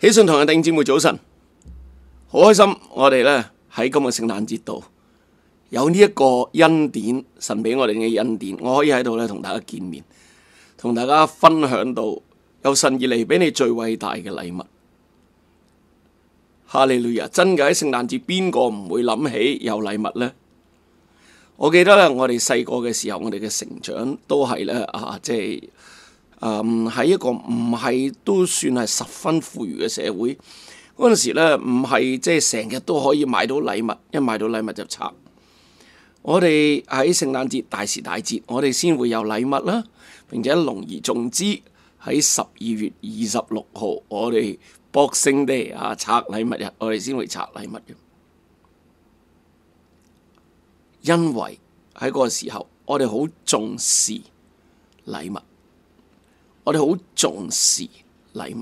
喜信堂嘅弟兄姊妹早晨，好開心我哋呢喺今日聖誕節度有呢一個恩典，神俾我哋嘅恩典，我可以喺度呢同大家見面，同大家分享到由神而嚟俾你最偉大嘅禮物。哈利路亞！真嘅喺聖誕節，邊個唔會諗起有禮物呢？我記得呢，我哋細個嘅時候，我哋嘅成長都係呢啊，即係。誒唔喺一個唔係都算係十分富裕嘅社會嗰陣時咧，唔係即係成日都可以買到禮物，一買到禮物就拆。我哋喺聖誕節大時大節，我哋先會有禮物啦。並且隆而重之喺十二月二十六號，我哋 Boxing Day 啊，拆禮物日，我哋先會拆禮物嘅，因為喺嗰個時候我哋好重視禮物。我哋好重視禮物，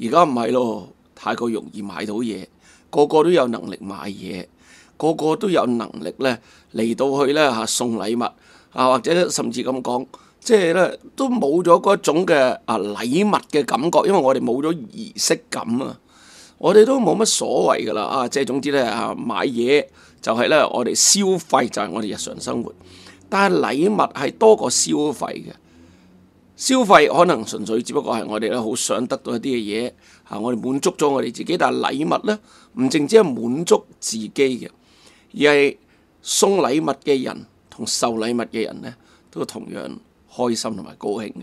而家唔係咯，太過容易買到嘢，個個都有能力買嘢，個個都有能力呢嚟到去呢吓送禮物啊，或者甚至咁講，即係呢都冇咗嗰種嘅啊禮物嘅感覺，因為我哋冇咗儀式感啊，我哋都冇乜所謂噶啦啊！即係總之呢，吓買嘢就係呢，我哋消費，就係我哋日常生活，但係禮物係多過消費嘅。消費可能純粹只不過係我哋咧好想得到一啲嘅嘢吓，我哋滿足咗我哋自己，但係禮物呢唔淨止係滿足自己嘅，而係送禮物嘅人同受禮物嘅人呢，都同樣開心同埋高興嘅，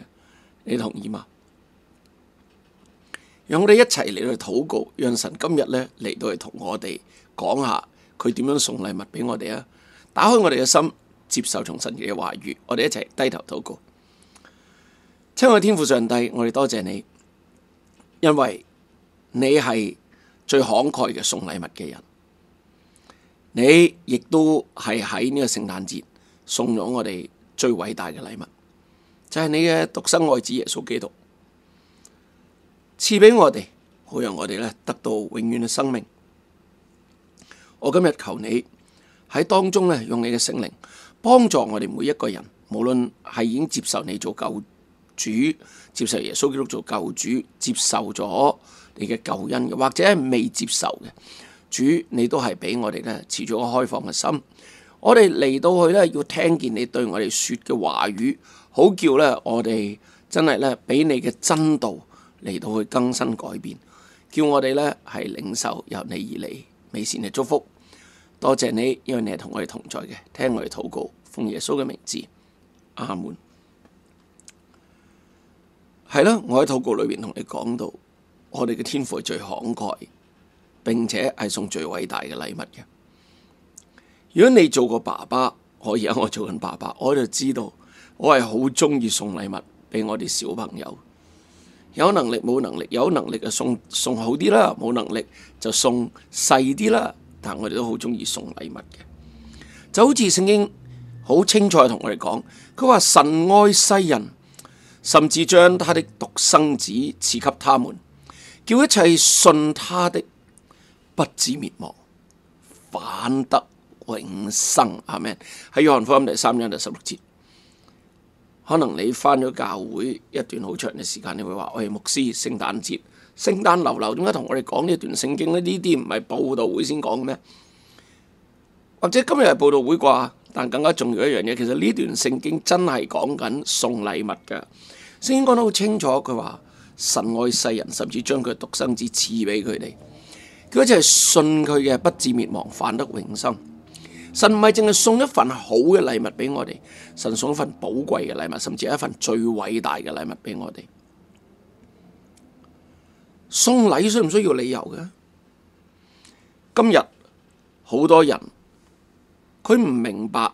你同意嗎？讓我哋一齊嚟到去禱告，讓神今日呢嚟到去同我哋講下佢點樣送禮物俾我哋啊！打開我哋嘅心，接受從神嘅話語，我哋一齊低頭禱告。親愛的天父上帝，我哋多謝你，因為你係最慷慨嘅送禮物嘅人，你亦都係喺呢個聖誕節送咗我哋最偉大嘅禮物，就係、是、你嘅獨生愛子耶穌基督賜俾我哋，好讓我哋得到永遠嘅生命。我今日求你喺當中咧，用你嘅聖靈幫助我哋每一個人，無論係已經接受你做救。主接受耶穌基督做救主，接受咗你嘅救恩嘅，或者係未接受嘅主，你都係俾我哋咧持咗個開放嘅心。我哋嚟到去咧，要聽見你對我哋說嘅話語，好叫咧我哋真係咧俾你嘅真道嚟到去更新改變，叫我哋咧係領受由你而嚟。美善嘅祝福，多謝你，因為你係同我哋同在嘅，聽我哋禱告，奉耶穌嘅名字，阿門。係啦，我喺禱告裏邊同你講到，我哋嘅天父係最慷慨，並且係送最偉大嘅禮物嘅。如果你做過爸爸，可以喺我做緊爸爸，我就知道我係好鍾意送禮物畀我哋小朋友。有能力冇能力，有能力就送送好啲啦，冇能力就送細啲啦。但係我哋都好鍾意送禮物嘅。就好似聖經好清楚同我哋講，佢話神愛世人。甚至將他的獨生子賜給他們，叫一切信他的，不至滅亡，反得永生。係咪？喺約翰福音第三章第十六節，可能你翻咗教會一段好長嘅時間，你會話：，我係牧師，聖誕節、聖誕流流，點解同我哋講呢一段聖經呢？呢啲唔係報道會先講嘅咩？或者今日係報道會啩？但更加重要一樣嘢，其實呢段聖經真係講緊送禮物㗎。頭先講得好清楚，佢話神愛世人，甚至將佢獨生子賜俾佢哋。佢好似係信佢嘅，不至滅亡，反得永生。神唔係淨係送一份好嘅禮物畀我哋，神送一份寶貴嘅禮物，甚至係一份最偉大嘅禮物畀我哋。送禮需唔需要理由嘅？今日好多人佢唔明白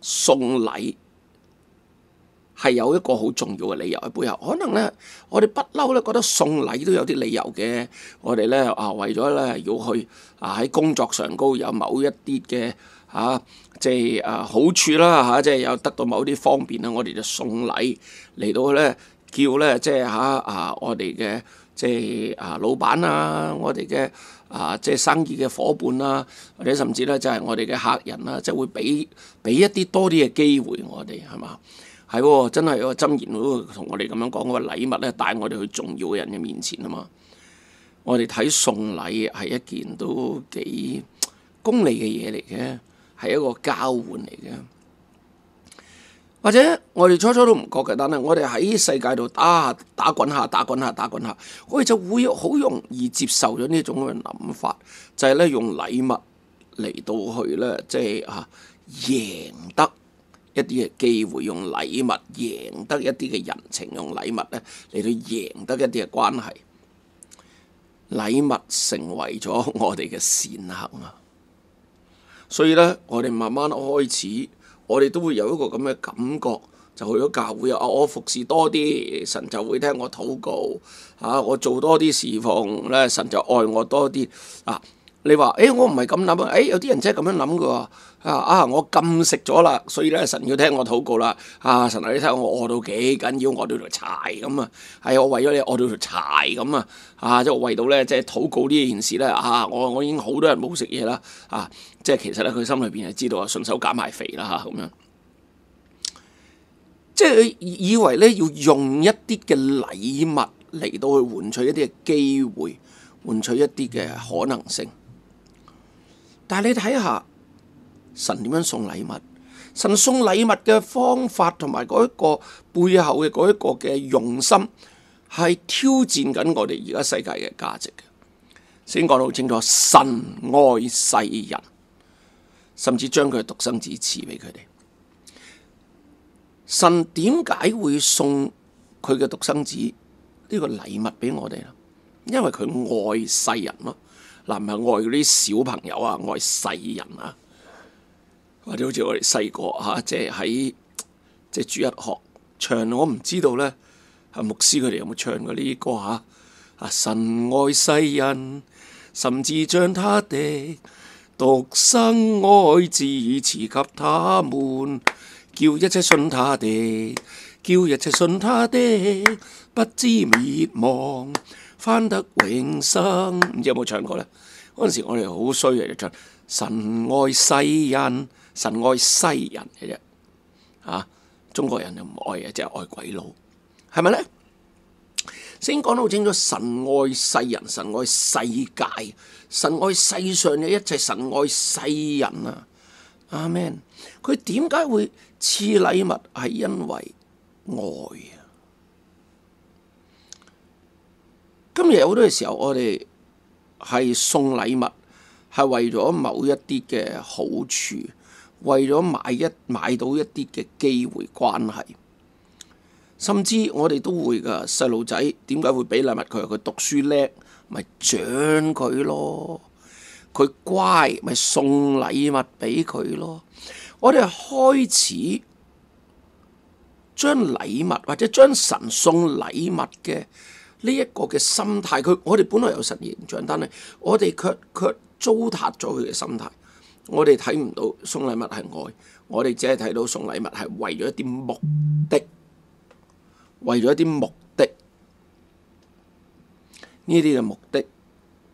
送禮。係有一個好重要嘅理由喺背後。可能咧，我哋不嬲咧覺得送禮都有啲理由嘅。我哋咧啊，為咗咧要去啊喺工作上高有某一啲嘅啊，即係啊好處啦嚇，即係有得到某啲方便啦，我哋就送禮嚟到咧，叫咧即係嚇啊我哋嘅即係啊老闆啊，我哋嘅啊即係生意嘅伙伴啊，或者甚至咧就係我哋嘅客人啦，即係會俾俾一啲多啲嘅機會我哋係嘛？係真係喎！箴言都同我哋咁樣講，嗰個禮物咧帶我哋去重要嘅人嘅面前啊嘛！我哋睇送禮係一件都幾功利嘅嘢嚟嘅，係一個交換嚟嘅。或者我哋初初都唔覺嘅，但係我哋喺世界度打打滾下、打滾下、打滾下、打滾下，我哋就會好容易接受咗呢種嘅諗法，就係咧用禮物嚟到去咧，即係啊贏得。一啲嘅機會，用禮物贏得一啲嘅人情，用禮物咧嚟到贏得一啲嘅關係，禮物成為咗我哋嘅善行啊！所以咧，我哋慢慢開始，我哋都會有一個咁嘅感覺，就去咗教會啊！我服侍多啲，神就會聽我禱告啊！我做多啲侍奉咧、啊，神就愛我多啲啊！你話，誒，我唔係咁諗啊！誒，有啲人真係咁樣諗嘅啊。啊，我禁食咗啦，所以咧，神要聽我禱告啦。啊，啊，神啊，你睇我餓到幾緊要，餓到條柴咁啊，啊！係我為咗你餓到條柴咁啊！啊，即係我為到咧，即係禱告呢件事咧。啊，我我已經好多人冇食嘢啦。啊，即係其實咧，佢心裏邊係知道啊，順手減埋肥啦嚇咁樣。即係以為咧要用一啲嘅禮物嚟到去換取一啲嘅機會，換取一啲嘅可能性。但係你睇下，神點樣送禮物？神送禮物嘅方法同埋嗰一個背後嘅嗰一個嘅用心，係挑戰緊我哋而家世界嘅價值嘅。先講得好清楚，神愛世人，甚至將佢嘅獨生子賜俾佢哋。神點解會送佢嘅獨生子個禮呢個禮物俾我哋呢？因為佢愛世人咯。男朋難愛嗰啲小朋友啊，愛世人啊，或者好似我哋細個啊，即係喺即係主一學唱，我唔知道呢啊，牧師佢哋有冇唱過呢啲歌嚇？啊，神愛世人，甚至將他的獨生愛子賜給他們，叫一切信他的，叫一切信他的不知滅亡，翻得永生，唔知有冇唱過呢？嗰陣時我哋好衰嘅，就唱神愛世人，神愛世人嘅啫。啊，中國人就唔愛啊，就係愛鬼佬，係咪呢？先講得好清楚，神愛世人，神愛世界，神愛世上嘅一切，神愛世人啊！阿門，佢點解會賜禮物？係因為愛啊！今日好多嘅時候，我哋係送禮物，係為咗某一啲嘅好處，為咗買一買到一啲嘅機會關係，甚至我哋都會噶細路仔，點解會俾禮物佢？佢讀書叻，咪獎佢咯；佢乖，咪送禮物俾佢咯。我哋開始將禮物或者將神送禮物嘅。呢一個嘅心態，佢我哋本來有神形象，但係我哋卻卻糟蹋咗佢嘅心態。我哋睇唔到送禮物係愛，我哋只係睇到送禮物係為咗一啲目的，為咗一啲目的，呢啲嘅目的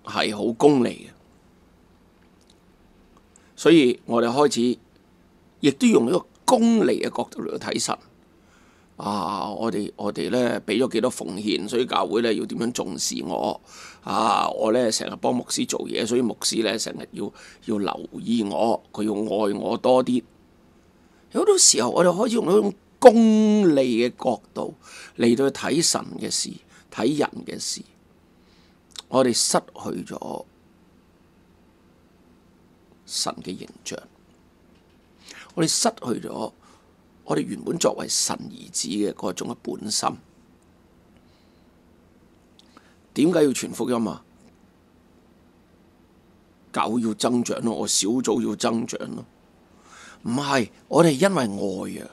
係好功利嘅，所以我哋開始亦都用一個功利嘅角度嚟去睇神。啊！我哋我哋咧俾咗幾多奉獻，所以教會咧要點樣重視我？啊！我咧成日幫牧師做嘢，所以牧師咧成日要要留意我，佢要愛我多啲。好多時候，我哋開始用一種功利嘅角度嚟到去睇神嘅事，睇人嘅事，我哋失去咗神嘅形象，我哋失去咗。我哋原本作為神兒子嘅嗰種本心，點解要傳福音啊？狗要增長咯，我小組要增長咯，唔係我哋因為愛啊，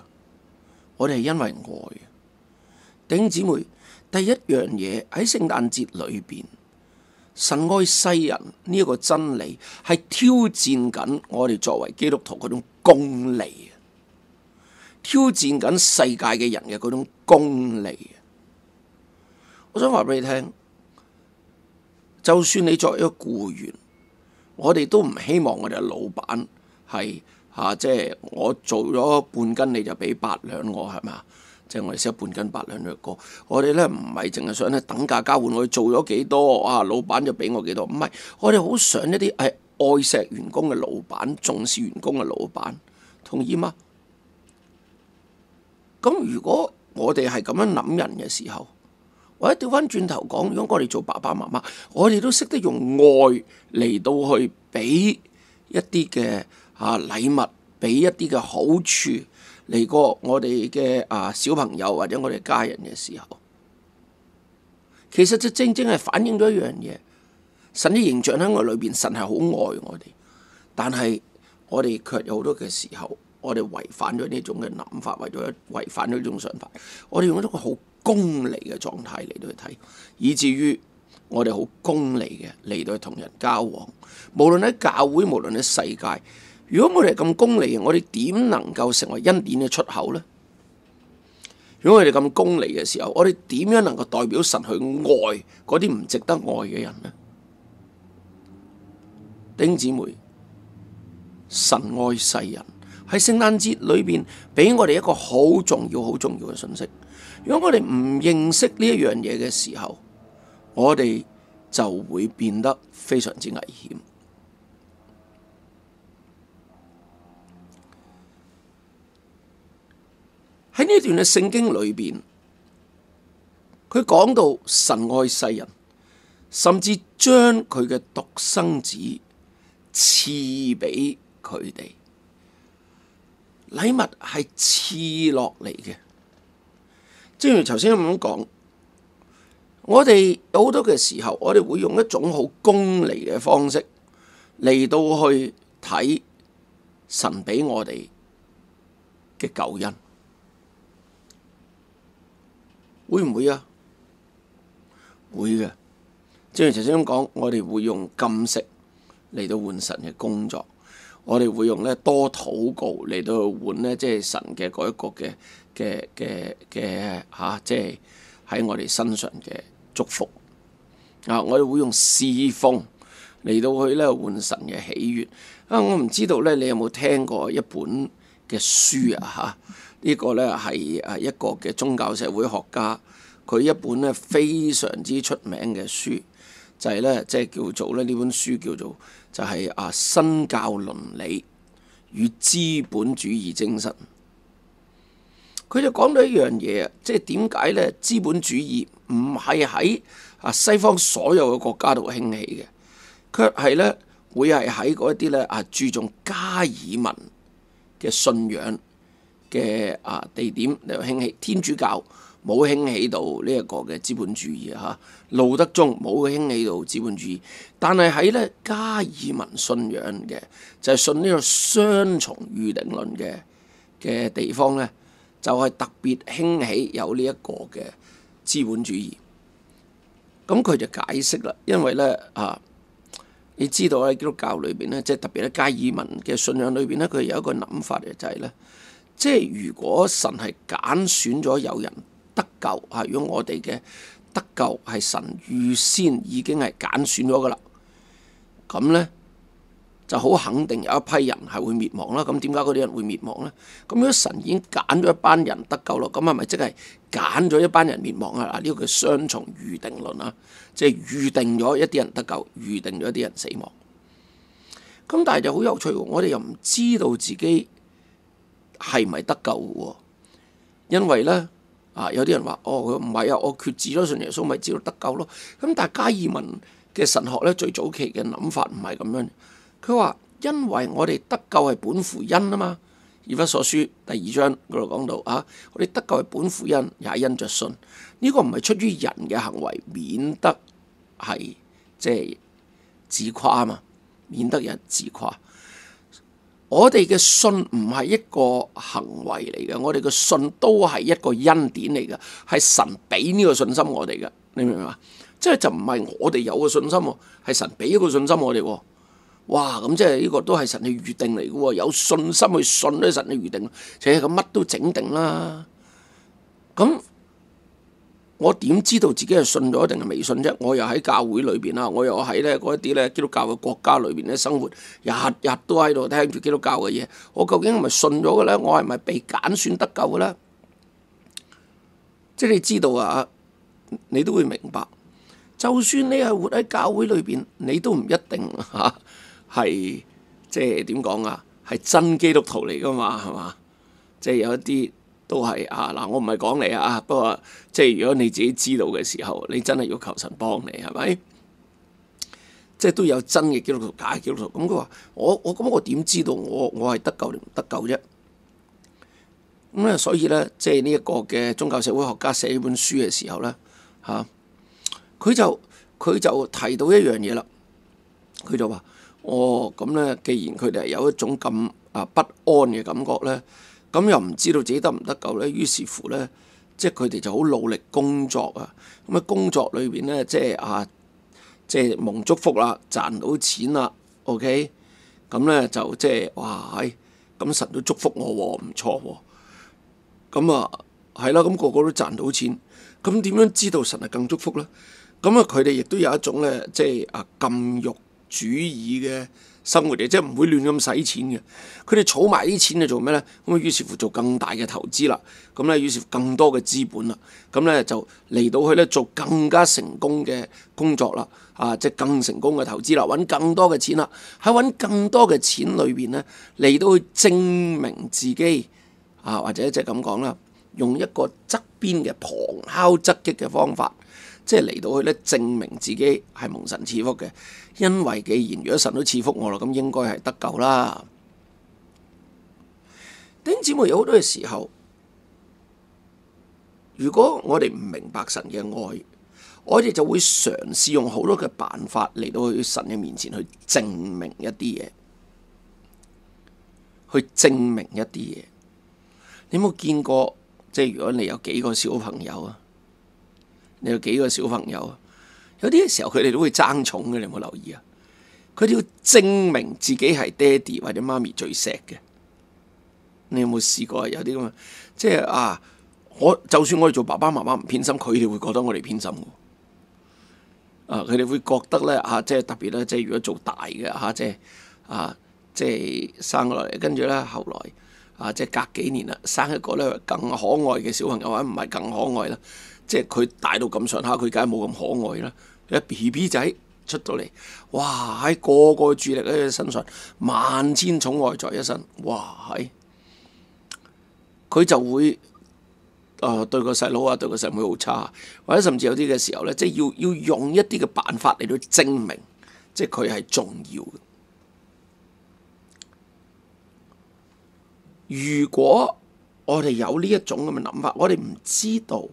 我哋係因為愛。頂姊妹，第一樣嘢喺聖誕節裏邊，神愛世人呢一個真理係挑戰緊我哋作為基督徒嗰種功利啊！挑戰緊世界嘅人嘅嗰種功利，我想話俾你聽，就算你作為一個僱員，我哋都唔希望我哋老闆係吓，啊，即係就是，我做咗半斤你就俾八兩，我係咪？即係我哋寫半斤八兩嘅歌，我哋咧唔係淨係想咧等價交換，我哋做咗幾多啊？老闆就俾我幾多？唔係，我哋好想一啲係愛錫員工嘅老闆，重視員工嘅老闆，同意嗎？咁如果我哋係咁樣諗人嘅時候，或者調翻轉頭講，如果我哋做爸爸媽媽，我哋都識得用愛嚟到去俾一啲嘅啊禮物，俾一啲嘅好處嚟過我哋嘅啊小朋友或者我哋家人嘅時候，其實就正正係反映咗一樣嘢，神嘅形象喺我裏邊，神係好愛我哋，但係我哋卻有好多嘅時候。我哋違反咗呢種嘅諗法，或者一違反咗呢種想法。我哋用一種好功利嘅狀態嚟到去睇，以至於我哋好功利嘅嚟到去同人交往。無論喺教會，無論喺世界，如果我哋咁功利，我哋點能夠成為恩典嘅出口呢？如果我哋咁功利嘅時候，我哋點樣能夠代表神去愛嗰啲唔值得愛嘅人呢？弟兄姊妹，神愛世人。喺聖誕節裏邊，畀我哋一個好重要、好重要嘅信息。如果我哋唔認識呢一樣嘢嘅時候，我哋就會變得非常之危險。喺呢段嘅聖經裏邊，佢講到神愛世人，甚至將佢嘅獨生子賜俾佢哋。禮物係賜落嚟嘅，正如頭先咁講，我哋好多嘅時候，我哋會用一種好功利嘅方式嚟到去睇神畀我哋嘅救恩，會唔會啊？會嘅，正如頭先咁講，我哋會用禁食嚟到換神嘅工作。我哋會用咧多禱告嚟到去換咧，即係神嘅嗰一個嘅嘅嘅嘅嚇，即係喺我哋身上嘅祝福啊！我哋會用侍奉嚟到去咧換神嘅喜悅啊！我唔知道咧，你有冇聽過一本嘅書啊？嚇、這個，呢個咧係誒一個嘅宗教社會學家，佢一本咧非常之出名嘅書，就係咧即係叫做咧呢本書叫做。就係啊，新教倫理與資本主義精神，佢就講到一樣嘢啊，即係點解咧？資本主義唔係喺啊西方所有嘅國家度興起嘅，卻係咧會係喺嗰啲咧啊注重加爾文嘅信仰嘅啊地點嚟興起，天主教。冇興起到呢一個嘅資本主義啊！哈，路德宗冇興起到資本主義，但係喺咧加爾文信仰嘅就係、是、信呢個雙重預定論嘅嘅地方咧，就係、是、特別興起有呢一個嘅資本主義。咁佢就解釋啦，因為咧啊，你知道喺基督教裏邊咧，即係特別咧加爾文嘅信仰裏邊咧，佢有一個諗法嘅就係、是、咧，即係如果神係揀選咗有人。得救啊！如果我哋嘅得救係神預先已經係揀選咗噶啦，咁呢就好肯定有一批人係會滅亡啦。咁點解嗰啲人會滅亡呢？咁如果神已經揀咗一班人得救咯，咁係咪即係揀咗一班人滅亡啊？啊呢個叫雙重預定論啦，即係預定咗一啲人得救，預定咗一啲人，人死亡。咁但係就好有趣喎，我哋又唔知道自己係咪得救喎，因為呢。啊！有啲人話：哦，佢唔係啊，我決志咗信耶穌，咪知道得救咯。咁但係加爾文嘅神學咧，最早期嘅諗法唔係咁樣。佢話：因為我哋得救係本乎恩啊嘛，《以弗所書》第二章嗰度講到啊，我哋得救係本乎恩，也因着信。呢個唔係出於人嘅行為，免得係即係自誇啊嘛，免得人自誇。我哋嘅信唔係一個行為嚟嘅，我哋嘅信都係一個恩典嚟嘅，係神俾呢個信心我哋嘅，你明唔明啊？即係就唔係我哋有個信心，係神俾一個信心我哋。哇，咁即係呢個都係神嘅預定嚟嘅，有信心去信都係神嘅預定，就係佢乜都整定啦。咁。我點知道自己係信咗定係未信啫？我又喺教會裏邊啊，我又喺咧嗰一啲咧基督教嘅國家裏邊咧生活，日日都喺度聽住基督教嘅嘢。我究竟係咪信咗嘅咧？我係咪被揀選得救嘅咧？即係你知道啊，你都會明白。就算你係活喺教會裏邊，你都唔一定嚇係即係點講啊？係真基督徒嚟噶嘛？係嘛？即係有一啲。都係啊！嗱，我唔係講你啊！不過，即係如果你自己知道嘅時候，你真係要求神幫你，係咪？即係都有真嘅基督徒，假嘅基督徒。咁佢話：我我咁我點知道我我係得救定唔得救啫？咁、嗯、咧，所以咧，即係呢一個嘅宗教社會學家寫本書嘅時候咧，嚇、啊，佢就佢就提到一樣嘢啦。佢就話：哦，咁、嗯、咧，既然佢哋係有一種咁啊不安嘅感覺咧。咁又唔知道自己得唔得救呢？於是乎呢，即係佢哋就好努力工作啊！咁喺工作裏邊呢，即係啊，即係蒙祝福啦，賺到錢啦，OK，咁呢就即係哇，咁、哎、神都祝福我喎，唔錯喎，咁啊，係、啊嗯啊、啦，咁、嗯、個個都賺到錢，咁、嗯、點樣知道神係更祝福呢？咁、嗯、啊，佢哋亦都有一種呢，即係啊禁欲主義嘅。生活嚟，即係唔會亂咁使錢嘅。佢哋儲埋啲錢嚟做咩呢？咁於是乎做更大嘅投資啦。咁咧於是乎更多嘅資本啦。咁咧就嚟到去咧做更加成功嘅工作啦。啊，即係更成功嘅投資啦，揾更多嘅錢啦。喺揾更多嘅錢裏邊呢，嚟到去證明自己啊，或者即係咁講啦，用一個側邊嘅旁敲側擊嘅方法。即係嚟到去咧，證明自己係蒙神賜福嘅，因為既然如果神都賜福我啦，咁應該係得救啦。弟兄姊妹，有好多嘅時候，如果我哋唔明白神嘅愛，我哋就會嘗試用好多嘅辦法嚟到去神嘅面前去證明一啲嘢，去證明一啲嘢。你有冇見過？即係如果你有幾個小朋友啊？你有幾個小朋友啊？有啲嘅時候，佢哋都會爭寵嘅。你有冇留意啊？佢哋要證明自己係爹哋或者媽咪最錫嘅。你有冇試過啊？有啲咁啊，即係啊，我就算我哋做爸爸媽媽唔偏心，佢哋會覺得我哋偏心嘅。啊，佢哋會覺得咧嚇、啊，即係特別咧，即係如果做大嘅嚇，即係啊，即係生落嚟，跟住咧後來啊，即係、啊、隔幾年啦，生一個咧更可愛嘅小朋友，或者唔係更可愛啦。即係佢大到咁上下，佢梗係冇咁可愛啦。一 B B 仔出到嚟，哇！喺個個注意力身上，萬千寵愛在一身，哇！係！佢就會誒、哦、對個細佬啊，對個細妹，妹好差，或者甚至有啲嘅時候咧，即係要要用一啲嘅辦法嚟到證明，即係佢係重要嘅。如果我哋有呢一種咁嘅諗法，我哋唔知道。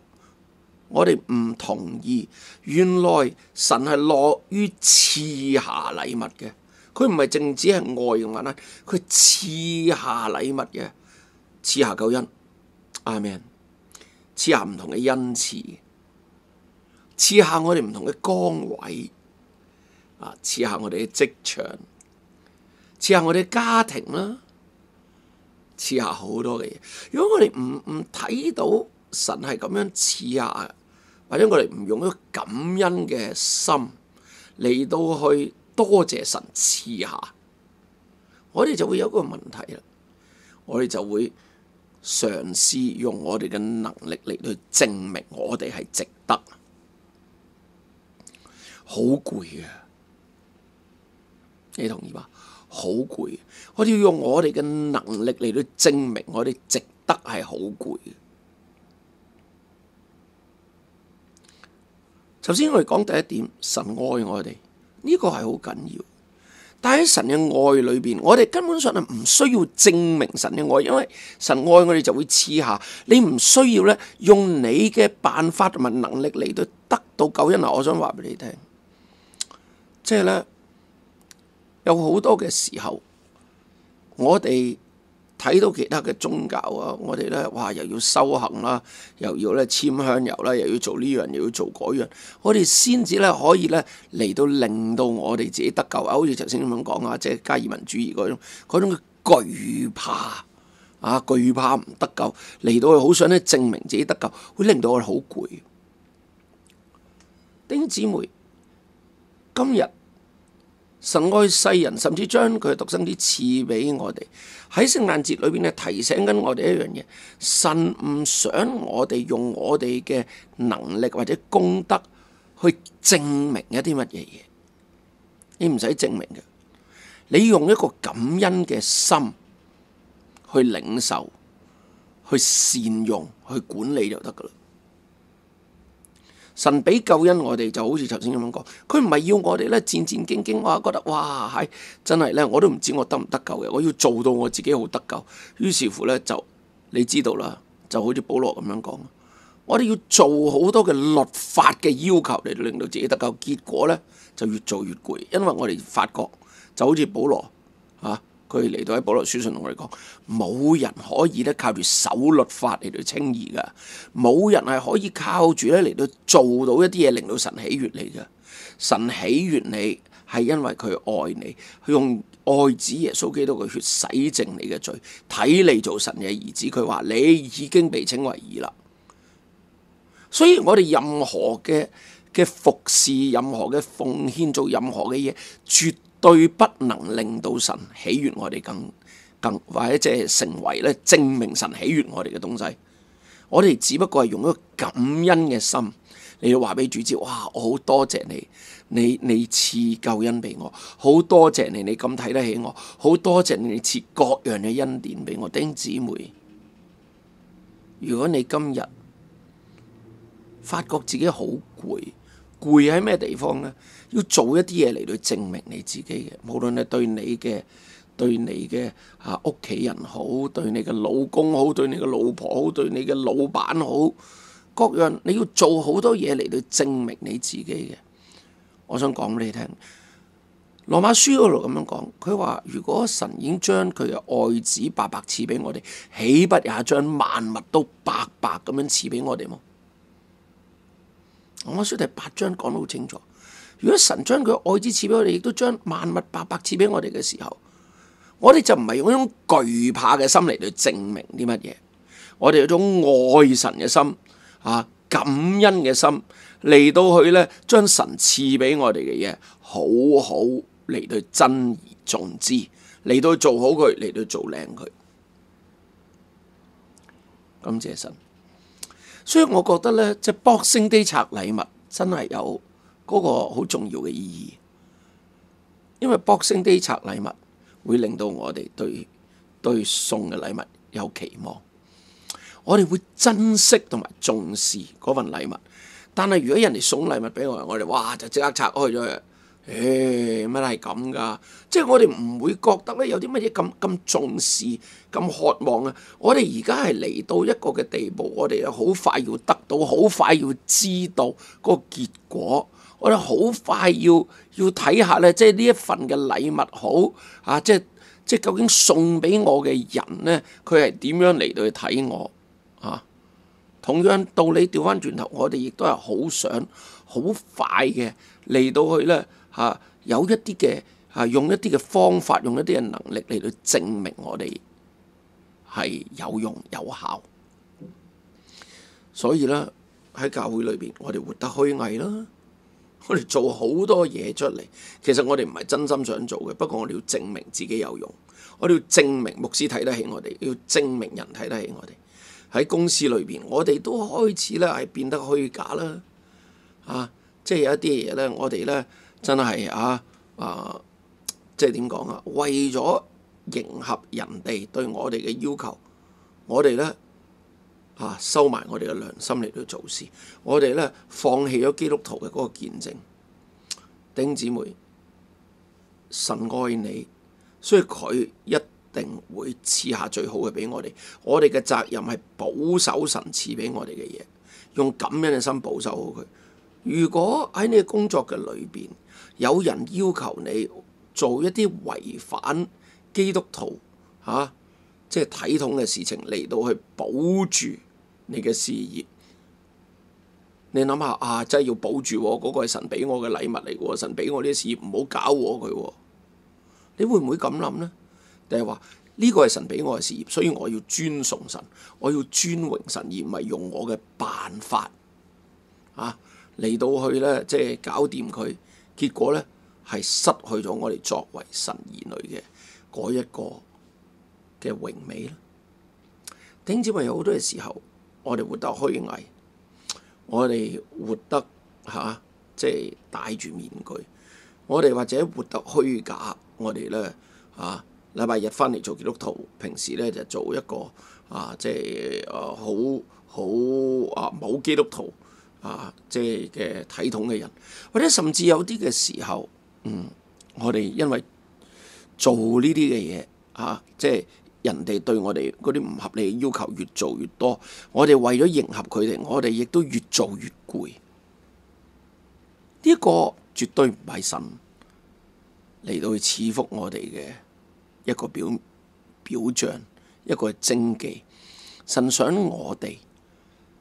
我哋唔同意，原來神係樂於賜下禮物嘅，佢唔係淨止係愛用。話啦，佢賜下禮物嘅，賜下救恩，阿 amen，賜下唔同嘅恩賜，賜下我哋唔同嘅崗位，啊，賜下我哋嘅職場，賜下我哋嘅家庭啦，賜下好多嘅嘢。如果我哋唔唔睇到神係咁樣賜下。或者我哋唔用一個感恩嘅心嚟到去多謝神賜下，我哋就會有一個問題啦。我哋就會嘗試用我哋嘅能力嚟到證明我哋係值得，好攰啊！你同意嗎？好攰，我哋要用我哋嘅能力嚟到證明我哋值得係好攰。首先我哋講第一點，神愛我哋，呢個係好緊要。但喺神嘅愛裏邊，我哋根本上係唔需要證明神嘅愛，因為神愛我哋就會賜下。你唔需要咧，用你嘅辦法同埋能力嚟到得到救恩啊！我想話俾你聽，即係咧，有好多嘅時候，我哋。睇到其他嘅宗教啊，我哋咧哇又要修行啦，又要咧籤香油啦，又要做呢樣又要做嗰樣，我哋先至咧可以咧嚟到令到我哋自己得救啊！好似頭先咁樣講啊，即係加爾文主義嗰種嗰種懼怕啊，懼怕唔得救，嚟到佢好想咧證明自己得救，會令到我哋好攰。丁姊妹，今日神愛世人，甚至將佢獨生子賜俾我哋。喺聖誕節裏邊咧，提醒緊我哋一樣嘢：神唔想我哋用我哋嘅能力或者功德去證明一啲乜嘢嘢，你唔使證明嘅，你用一個感恩嘅心去領受、去善用、去管理就得㗎喇。神俾救恩我哋，就好似頭先咁樣講，佢唔係要我哋咧戰戰兢兢，哇覺得哇係真係咧，我都唔知我得唔得救嘅，我要做到我自己好得救。於是乎咧，就你知道啦，就好似保羅咁樣講，我哋要做好多嘅律法嘅要求嚟，令到自己得救，結果咧就越做越攰，因為我哋發覺就好似保羅嚇。啊佢嚟到喺《保羅書信》同我哋講，冇人可以咧靠住守律法嚟到稱義噶，冇人係可以靠住咧嚟到做到一啲嘢令到神喜悅你嘅。神喜悅你係因為佢愛你，佢用愛子耶穌基督嘅血洗淨你嘅罪，睇你做神嘅兒子。佢話你已經被稱為義啦。所以我哋任何嘅嘅服侍、任何嘅奉獻、做任何嘅嘢，絕對不能令到神喜悅我哋更更或者即係成為咧證明神喜悅我哋嘅東西，我哋只不過係用一個感恩嘅心你嚟話俾主知，哇！我好多謝你，你你賜救恩俾我，好多謝你，你咁睇得起我，好多謝你賜各樣嘅恩典俾我。弟兄姊妹，如果你今日發覺自己好攰，攰喺咩地方呢？要做一啲嘢嚟到證明你自己嘅，無論你對你嘅對你嘅啊屋企人好，對你嘅老公好，對你嘅老婆好，對你嘅老闆好，各樣你要做好多嘢嚟到證明你自己嘅。我想講俾你聽，《羅馬書》嗰度咁樣講，佢話：如果神已經將佢嘅愛子白白賜俾我哋，豈不也將萬物都白白咁樣賜俾我哋麼？《羅馬書》第八章講得好清楚。如果神將佢愛子賜俾我哋，亦都將萬物白白賜俾我哋嘅時候，我哋就唔係用一種懼怕嘅心嚟到證明啲乜嘢，我哋有種愛神嘅心啊，感恩嘅心嚟到去咧，將神賜俾我哋嘅嘢好好嚟到珍而重之，嚟到做好佢，嚟到做靚佢。感謝神，所以我覺得咧，即係 Boxing Day 拆禮物真係有。嗰個好重要嘅意義，因為 Boxing Day 拆禮物，會令到我哋對對送嘅禮物有期望，我哋會珍惜同埋重視嗰份禮物。但係如果人哋送禮物俾我，我哋哇就即刻拆開咗、哎。誒，乜都係咁噶，即係我哋唔會覺得咧有啲乜嘢咁咁重視、咁渴望啊！我哋而家係嚟到一個嘅地步，我哋好快要得到，好快要知道嗰個結果。我哋好快要要睇下咧，即係呢一份嘅禮物好啊！即係即係究竟送俾我嘅人咧，佢係點樣嚟到去睇我啊？同樣道理調返轉頭，我哋亦都係好想好快嘅嚟到去咧吓、啊、有一啲嘅吓用一啲嘅方法，用一啲嘅能力嚟到證明我哋係有用有效。所以咧喺教會裏邊，我哋活得虛偽啦。我哋做好多嘢出嚟，其實我哋唔係真心想做嘅。不過我哋要證明自己有用，我哋要證明牧師睇得起我哋，要證明人睇得起我哋。喺公司裏邊，我哋都開始咧係變得虛假啦。啊，即係有一啲嘢咧，我哋咧真係啊啊，即係點講啊？為咗迎合人哋對我哋嘅要求，我哋咧。啊！收埋我哋嘅良心嚟到做事，我哋咧放棄咗基督徒嘅嗰個見證。弟兄姊妹，神愛你，所以佢一定會賜下最好嘅俾我哋。我哋嘅責任係保守神賜俾我哋嘅嘢，用咁樣嘅心保守好佢。如果喺你嘅工作嘅裏邊有人要求你做一啲違反基督徒吓、啊，即係體統嘅事情嚟到去保住你嘅事業，你諗下啊，真係要保住我嗰個係神俾我嘅禮物嚟嘅，神俾我啲事業唔好搞我佢喎。你會唔會咁諗呢？定係話呢個係神俾我嘅事業，所以我要尊崇神，我要尊榮神，而唔係用我嘅辦法啊嚟到去呢？即係搞掂佢。結果呢係失去咗我哋作為神兒女嘅嗰一個嘅榮美呢。頂少咪有好多嘅時候。我哋活得虛偽，我哋活得嚇、啊，即係戴住面具。我哋或者活得虛假，我哋咧嚇，禮、啊、拜日翻嚟做基督徒，平時咧就做一個啊，即係、啊、好好啊冇基督徒啊，即係嘅體統嘅人，或者甚至有啲嘅時候，嗯，我哋因為做呢啲嘅嘢嚇，即係。人哋對我哋嗰啲唔合理嘅要求越做越多，我，我哋為咗迎合佢哋，我哋亦都越做越攰。呢一個絕對唔係神嚟到去賜福我哋嘅一個表，表象，一個徵記。神想我哋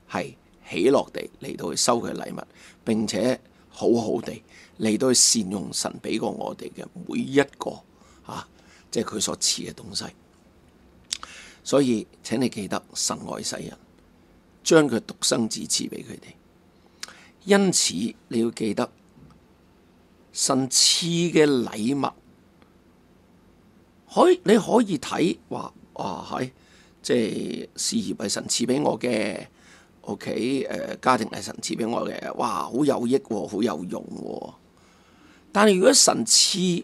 係喜樂地嚟到去收佢禮物，並且好好地嚟到去善用神畀過我哋嘅每一個、啊、即係佢所賜嘅東西。所以請你記得神愛世人，將佢獨生子賜畀佢哋。因此你要記得神賜嘅禮物，可以你可以睇哇啊係即事業係神賜畀我嘅，OK 誒家庭係神賜畀我嘅，哇好有益喎、啊，好有用喎、啊。但係如果神賜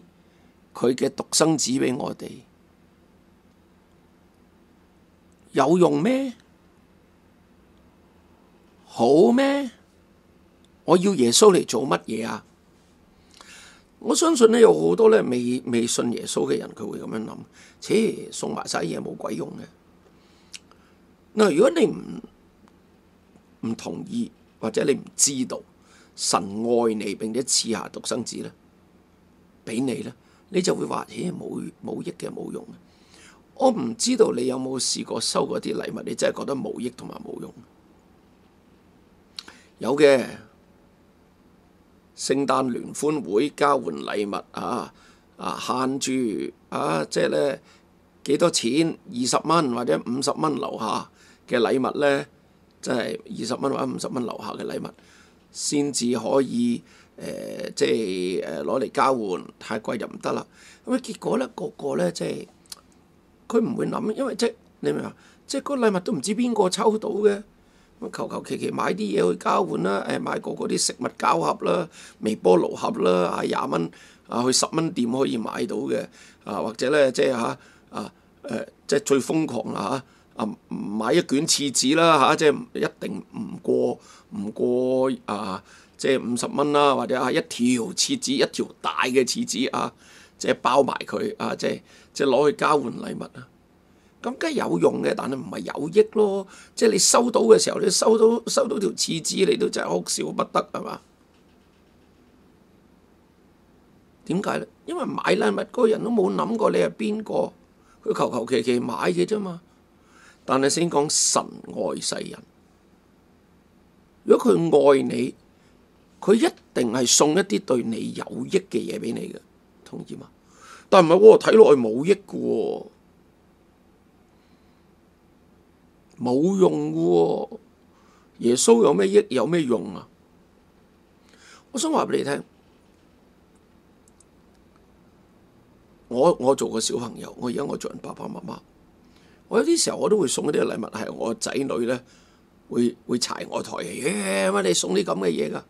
佢嘅獨生子畀我哋。有用咩？好咩？我要耶穌嚟，做乜嘢啊？我相信咧有好多咧未未信耶穌嘅人，佢會咁樣諗：，切、呃、送埋晒嘢冇鬼用嘅。嗱，如果你唔唔同意，或者你唔知道神愛你，並且賜下獨生子咧，俾你咧，你就會話：，呃冇冇益嘅，冇用嘅。我唔知道你有冇試過收嗰啲禮物，你真係覺得冇益同埋冇用。有嘅，聖誕聯歡會交換禮物啊啊，限住啊，即係咧幾多錢？二十蚊或者五十蚊樓下嘅禮物咧，真係二十蚊或者五十蚊樓下嘅禮物，先至可以誒、呃，即係誒攞嚟交換。太貴又唔得啦。咁啊，結果咧，個個咧即係。佢唔會諗，因為即係你明唔明啊，即係嗰禮物都唔知邊個抽到嘅，咁求求其其買啲嘢去交換啦，誒買個嗰啲食物膠盒啦、微波爐盒啦，啊廿蚊啊去十蚊店可以買到嘅，啊或者咧即係嚇啊誒、啊呃、即係最瘋狂啦啊買一卷廁紙啦嚇，即係一定唔過唔過啊即係五十蚊啦，或者啊一條廁紙一條大嘅廁紙啊，即係包埋佢啊即係。即係攞去交換禮物啊！咁梗係有用嘅，但係唔係有益咯。即係你收到嘅時候，你收到收到條廁紙，你都真係哭笑不得係嘛？點解咧？因為買禮物嗰個人都冇諗過你係邊個，佢求求其其買嘅啫嘛。但係先講神愛世人，如果佢愛你，佢一定係送一啲對你有益嘅嘢俾你嘅，同意嗎？但唔係喎，睇落去冇益嘅喎、哦，冇用嘅喎、哦。耶穌有咩益？有咩用啊？我想話畀你聽，我我做個小朋友，我而家我做人爸爸媽媽，我有啲時候我都會送啲禮物，係我仔女咧會會柴我台，乜、哎、你送啲咁嘅嘢㗎？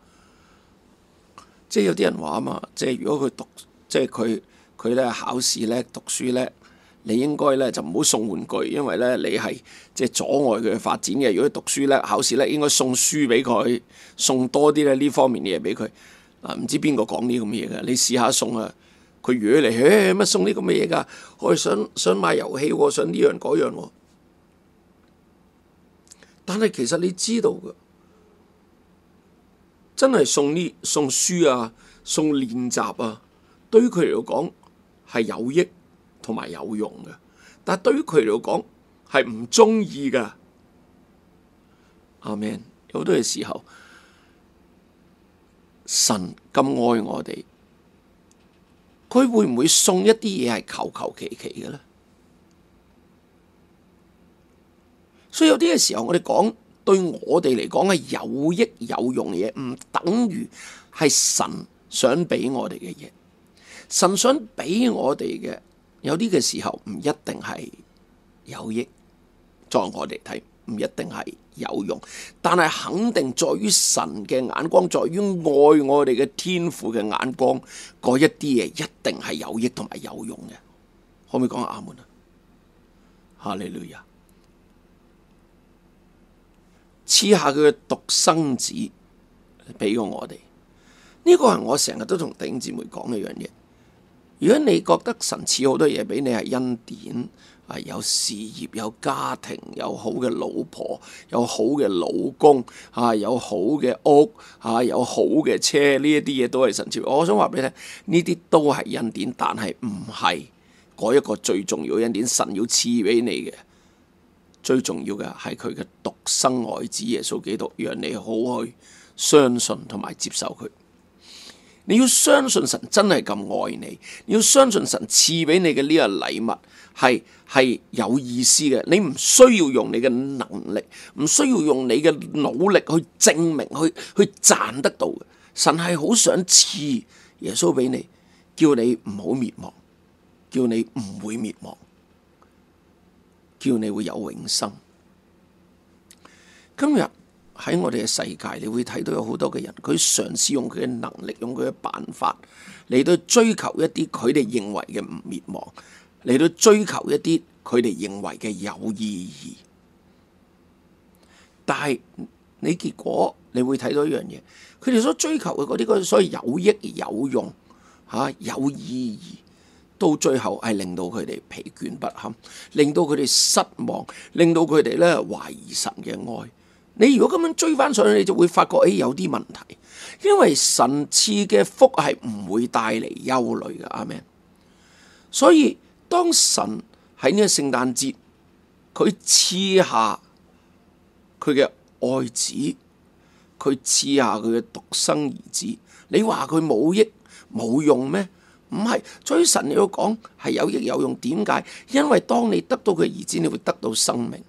即係有啲人話啊嘛，即係如果佢讀，即係佢。佢咧考試咧讀書咧，你應該咧就唔好送玩具，因為咧你係即係阻礙佢嘅發展嘅。如果讀書咧考試咧，應該送書俾佢，送多啲咧呢方面嘅嘢俾佢。啊，唔知邊個講呢咁嘢嘅？你試下送啊，佢如果嚟，乜、欸、送呢咁嘅嘢噶？我想想買遊戲、啊，想呢樣嗰樣。樣啊，但係其實你知道嘅，真係送呢送書啊，送練習啊，對於佢嚟講。係有益同埋有用嘅，但係對於佢嚟講係唔中意噶。阿 Man，好多嘅時候，神咁愛我哋，佢會唔會送一啲嘢係求求其其嘅咧？所以有啲嘅時候我，我哋講對我哋嚟講係有益有用嘅嘢，唔等於係神想畀我哋嘅嘢。神想畀我哋嘅有啲嘅時候唔一定係有益，在我哋睇唔一定係有用，但係肯定在於神嘅眼光，在於愛我哋嘅天父嘅眼光，嗰一啲嘢一定係有益同埋有用嘅。可唔可以講下阿門啊？哈利路亞，賜下佢嘅獨生子畀過我哋。呢、這個係我成日都同弟兄姊妹講嘅一樣嘢。如果你覺得神賜好多嘢俾你係恩典，啊，有事業、有家庭、有好嘅老婆、有好嘅老公啊，有好嘅屋啊有好嘅車呢一啲嘢都係神賜，我想話俾你聽，呢啲都係恩典，但係唔係嗰一個最重要嘅恩典，神要賜畀你嘅最重要嘅係佢嘅獨生愛子耶穌基督，讓你好去相信同埋接受佢。你要相信神真係咁愛你，你要相信神賜畀你嘅呢個禮物係係有意思嘅。你唔需要用你嘅能力，唔需要用你嘅努力去證明，去去賺得到。神係好想賜耶穌畀你，叫你唔好滅亡，叫你唔會滅亡，叫你會有永生。今日。喺我哋嘅世界，你會睇到有好多嘅人，佢嘗試用佢嘅能力，用佢嘅辦法嚟到追求一啲佢哋認為嘅唔滅亡，嚟到追求一啲佢哋認為嘅有意義。但係你結果你會睇到一樣嘢，佢哋所追求嘅嗰啲，個所謂有益有用吓、啊、有意義，到最後係令到佢哋疲倦不堪，令到佢哋失望，令到佢哋咧懷疑神嘅愛。你如果咁樣追返上去，你就會發覺，誒、哎，有啲問題，因為神賜嘅福係唔會帶嚟憂慮嘅，阿們。所以當神喺呢個聖誕節，佢賜下佢嘅愛子，佢賜下佢嘅獨生兒子，你話佢冇益冇用咩？唔係，對於神嚟講係有益有用。點解？因為當你得到佢兒子，你會得到生命。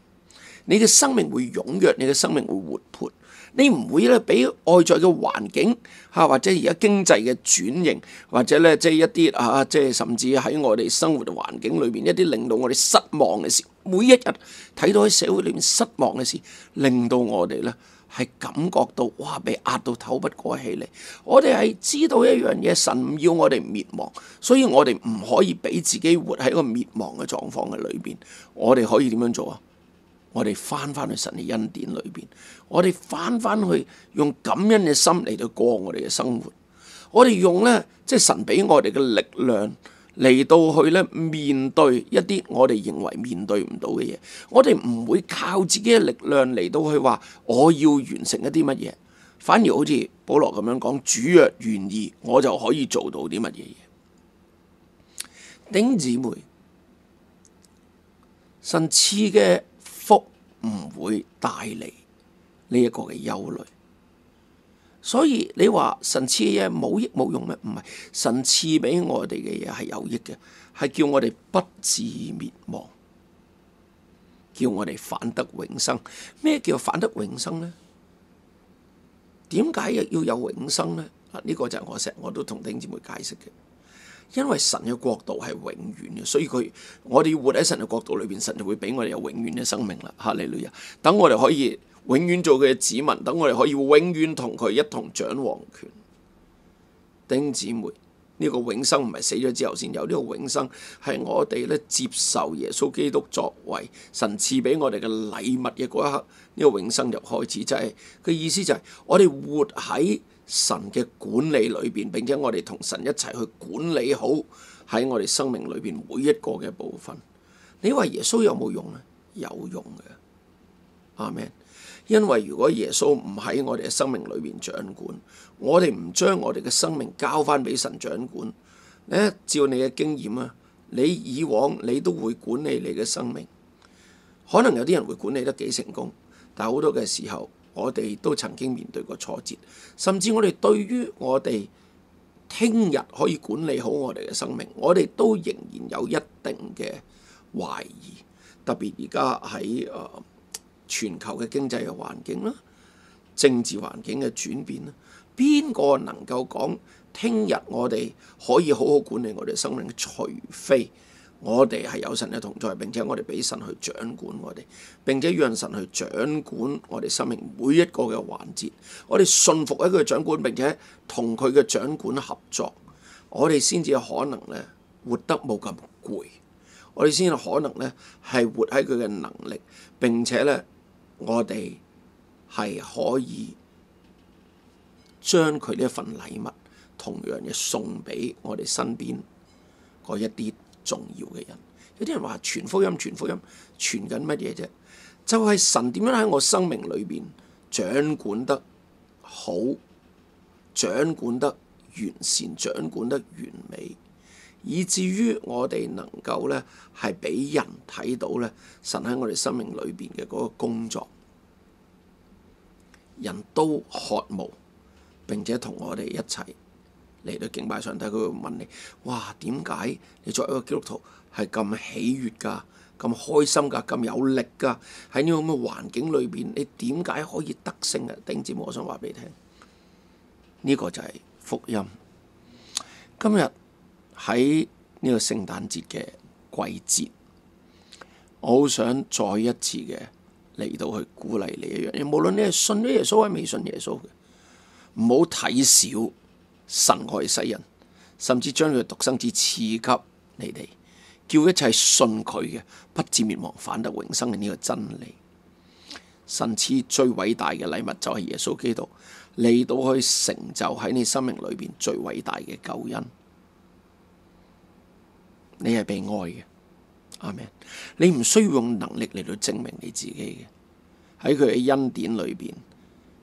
你嘅生命會踴躍，你嘅生命會活潑，你唔會咧俾外在嘅環境嚇，或者而家經濟嘅轉型，或者咧即係一啲嚇，即係甚至喺我哋生活嘅環境裏邊一啲令到我哋失望嘅事，每一日睇到喺社會裏面失望嘅事，令到我哋咧係感覺到哇，被壓到透不過氣嚟。我哋係知道一樣嘢，神唔要我哋滅亡，所以我哋唔可以俾自己活喺一個滅亡嘅狀況嘅裏邊。我哋可以點樣做啊？我哋翻返去神嘅恩典裏邊，我哋翻返去用感恩嘅心嚟到過我哋嘅生活，我哋用呢，即係神俾我哋嘅力量嚟到去呢，面對一啲我哋認為面對唔到嘅嘢，我哋唔會靠自己嘅力量嚟到去話我要完成一啲乜嘢，反而好似保羅咁樣講，主若願意，我就可以做到啲乜嘢嘢。丁姊妹，神賜嘅。唔會帶嚟呢一個嘅憂慮，所以你話神賜嘅嘢冇益冇用咩？唔係，神賜畀我哋嘅嘢係有益嘅，係叫我哋不至滅亡，叫我哋反得永生。咩叫反得永生咧？點解亦要有永生咧？呢、這個就係我成日我都同弟兄姊妹解釋嘅。因為神嘅國度係永遠嘅，所以佢我哋要活喺神嘅國度裏邊，神就會俾我哋有永遠嘅生命啦，哈利路亞，等我哋可以永遠做佢嘅子民，等我哋可以永遠同佢一同掌王權。弟兄姊妹，呢、這個永生唔係死咗之後先有，呢、這個永生係我哋咧接受耶穌基督作為神賜俾我哋嘅禮物嘅嗰一刻，呢、這個永生就開始，就係、是、佢意思就係、是、我哋活喺。神嘅管理裏邊，並且我哋同神一齊去管理好喺我哋生命裏邊每一個嘅部分。你話耶穌有冇用咧？有用嘅，阿門。因為如果耶穌唔喺我哋嘅生命裏邊掌管，我哋唔將我哋嘅生命交翻俾神掌管咧，照你嘅經驗啊，你以往你都會管理你嘅生命，可能有啲人會管理得幾成功，但好多嘅時候。我哋都曾經面對過挫折，甚至我哋對於我哋聽日可以管理好我哋嘅生命，我哋都仍然有一定嘅懷疑。特別而家喺全球嘅經濟嘅環境啦、政治環境嘅轉變啦，邊個能夠講聽日我哋可以好好管理我哋嘅生命？除非……我哋係有神嘅同在，並且我哋俾神去掌管我哋，並且讓神去掌管我哋生命每一個嘅環節。我哋信服喺佢嘅掌管，並且同佢嘅掌管合作，我哋先至可能呢活得冇咁攰，我哋先至可能呢係活喺佢嘅能力，並且呢，我哋係可以將佢呢一份禮物同樣嘅送俾我哋身邊嗰一啲。重要嘅人，有啲人話傳福音，傳福音，傳緊乜嘢啫？就係神點樣喺我生命裏邊掌管得好，掌管得完善，掌管得完美，以至於我哋能夠呢，係俾人睇到呢神喺我哋生命裏邊嘅嗰個工作，人都渴慕，並且同我哋一齊。嚟到敬拜上帝，佢會問你：哇，點解你作為一個基督徒係咁喜悅㗎、咁開心㗎、咁有力㗎？喺呢個咁嘅環境裏邊，你點解可以得勝啊？頂尖，我想話俾你聽，呢個就係福音。今日喺呢個聖誕節嘅季節，我好想再一次嘅嚟到去鼓勵你一樣嘢，無論你係信咗耶穌，係未信耶穌嘅，唔好睇少。神愛世人，甚至將佢獨生子賜給你哋，叫一切信佢嘅，不至滅亡，反得永生嘅呢個真理。神賜最偉大嘅禮物就係耶穌基督，你都可以成就喺你生命裏邊最偉大嘅救恩。你係被愛嘅，阿門。你唔需要用能力嚟到證明你自己嘅，喺佢嘅恩典裏邊。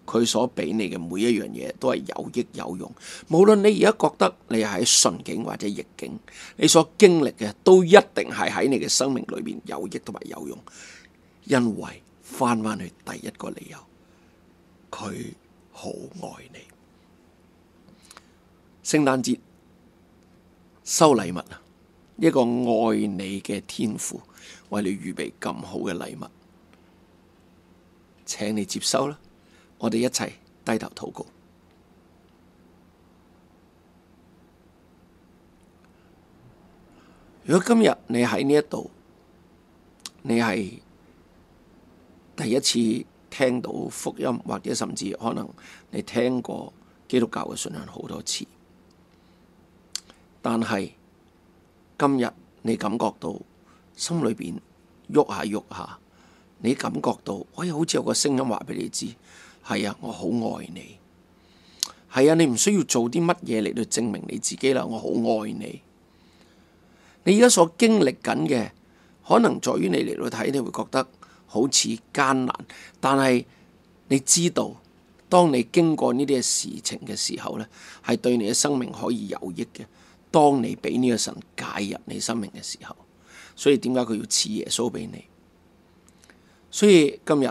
佢所畀你嘅每一樣嘢都係有益有用，無論你而家覺得你喺順境或者逆境，你所經歷嘅都一定係喺你嘅生命裏邊有益同埋有用，因為翻返去第一個理由，佢好愛你。聖誕節收禮物啊，一個愛你嘅天父為你預備咁好嘅禮物，請你接收啦。我哋一齊低頭禱告。如果今日你喺呢一度，你係第一次聽到福音，或者甚至可能你聽過基督教嘅信仰好多次，但係今日你感覺到心裏邊喐下喐下，你感覺到，哎，好似有個聲音話畀你知。係啊，我好愛你。係啊，你唔需要做啲乜嘢嚟到證明你自己啦。我好愛你。你而家所經歷緊嘅，可能在於你嚟到睇，你會覺得好似艱難。但係你知道，當你經過呢啲嘅事情嘅時候咧，係對你嘅生命可以有益嘅。當你俾呢個神介入你生命嘅時候，所以點解佢要賜耶穌俾你？所以今日。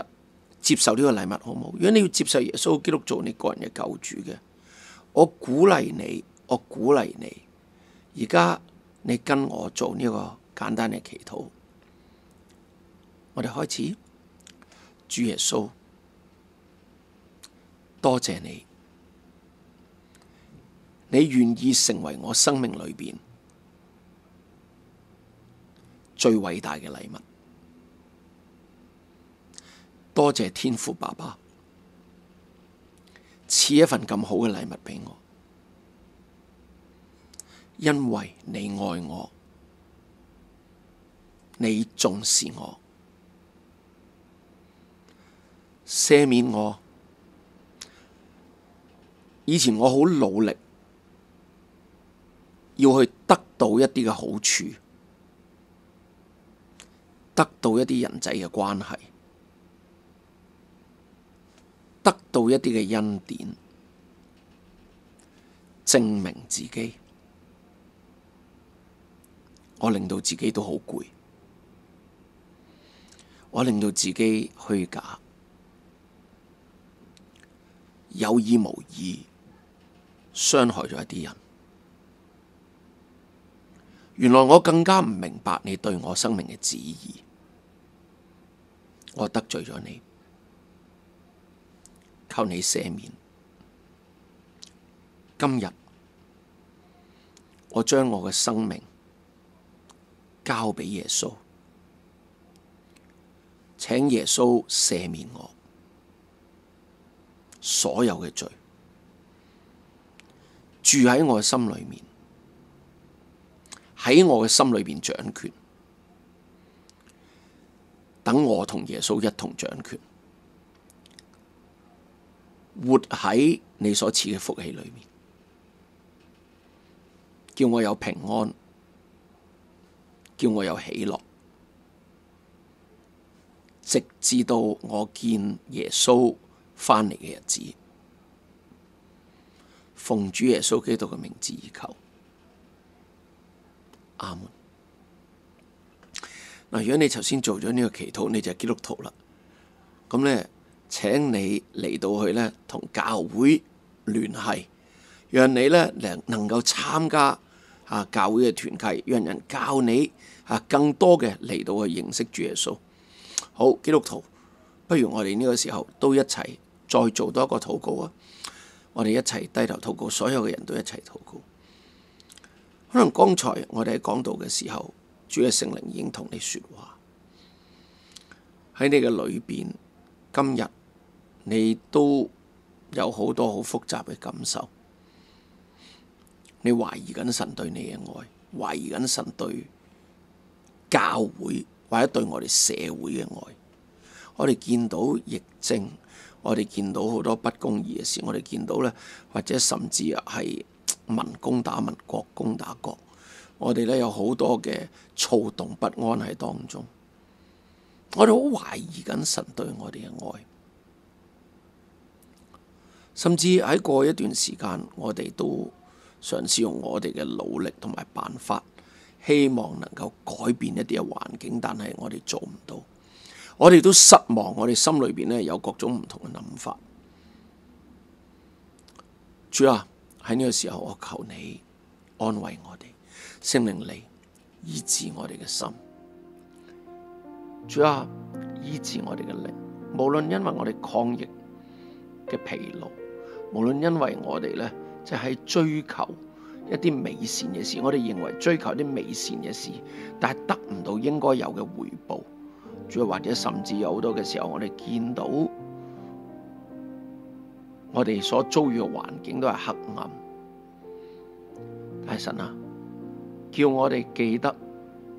接受呢個禮物好唔好？如果你要接受耶穌基督做你個人嘅救主嘅，我鼓勵你，我鼓勵你。而家你跟我做呢個簡單嘅祈禱，我哋開始。主耶穌，多謝你，你願意成為我生命裏邊最偉大嘅禮物。多謝天父爸爸賜一份咁好嘅禮物畀我，因為你愛我，你重視我，赦免我。以前我好努力，要去得到一啲嘅好處，得到一啲人際嘅關係。得到一啲嘅恩典，證明自己，我令到自己都好攰，我令到自己虛假，有意無意，傷害咗一啲人。原來我更加唔明白你對我生命嘅旨意，我得罪咗你。求你赦免。今日我將我嘅生命交畀耶穌，請耶穌赦免我所有嘅罪，住喺我嘅心裏面，喺我嘅心裏面掌權，等我同耶穌一同掌權。活喺你所賜嘅福氣裏面，叫我有平安，叫我有喜樂，直至到我見耶穌翻嚟嘅日子，奉主耶穌基督嘅名字以求，阿門。嗱，如果你頭先做咗呢個祈禱，你就係基督徒啦，咁咧。請你嚟到去呢，同教會聯繫，讓你呢能能夠參加啊教會嘅團契，讓人教你啊更多嘅嚟到去認識主耶穌。好，基督徒，不如我哋呢個時候都一齊再做多一個禱告啊！我哋一齊低頭禱告，所有嘅人都一齊禱告。可能剛才我哋喺講道嘅時候，主嘅聖靈已經同你說話喺你嘅裏邊。今日。你都有好多好複雜嘅感受，你懷疑緊神對你嘅愛，懷疑緊神對教會或者對我哋社會嘅愛。我哋見到疫症，我哋見到好多不公義嘅事，我哋見到咧，或者甚至啊係民攻打民，國攻打國。我哋咧有好多嘅躁動不安喺當中，我哋好懷疑緊神對我哋嘅愛。甚至喺過一段時間，我哋都嘗試用我哋嘅努力同埋辦法，希望能夠改變一啲嘅環境，但係我哋做唔到，我哋都失望。我哋心裏邊咧有各種唔同嘅諗法。主啊，喺呢個時候，我求你安慰我哋，聖靈你，醫治我哋嘅心。主啊，醫治我哋嘅靈，無論因為我哋抗疫嘅疲勞。無論因為我哋咧，就係、是、追求一啲美善嘅事，我哋認為追求啲美善嘅事，但係得唔到應該有嘅回報，再或者甚至有好多嘅時候，我哋見到我哋所遭遇嘅環境都係黑暗。大神啊，叫我哋記得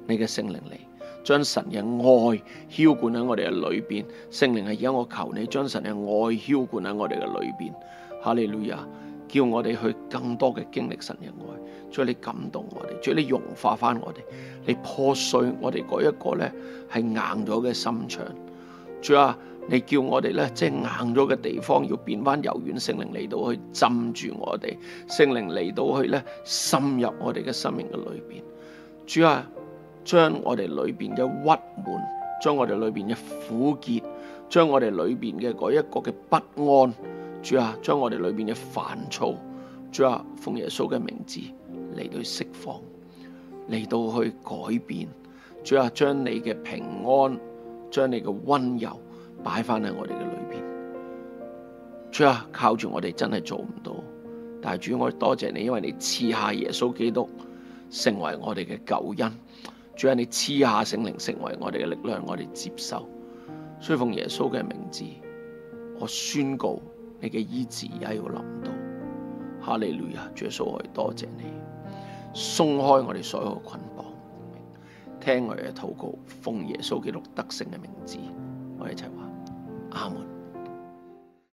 你嘅聖靈嚟，將神嘅愛澆灌喺我哋嘅裏邊。聖靈係而家我求你將神嘅愛澆灌喺我哋嘅裏邊。哈利路亞！叫我哋去更多嘅經歷神人愛，主你感動我哋，主你融化翻我哋，你破碎我哋嗰一個咧係硬咗嘅心腸。主啊，你叫我哋咧，即係硬咗嘅地方要變翻柔軟，聖靈嚟到去浸住我哋，聖靈嚟到去咧深入我哋嘅生命嘅裏邊。主啊，將我哋裏邊嘅鬱悶，將我哋裏邊嘅苦結，將我哋裏邊嘅嗰一個嘅不安。主啊，將我哋裏邊嘅煩躁，主啊，奉耶穌嘅名字嚟到釋放，嚟到去改變，主啊，將你嘅平安，將你嘅溫柔擺翻喺我哋嘅裏邊。主啊，靠住我哋真係做唔到，但係主，我要多謝你，因為你賜下耶穌基督成為我哋嘅救恩。主啊，你賜下聖靈成為我哋嘅力量，我哋接受。所以奉耶穌嘅名字，我宣告。你嘅醫治也要諗到，哈利路亞，主耶穌，我哋多謝你，鬆開我哋所有嘅捆綁，聽我哋嘅禱告，奉耶穌基督得勝嘅名字，我哋一齊話，阿門。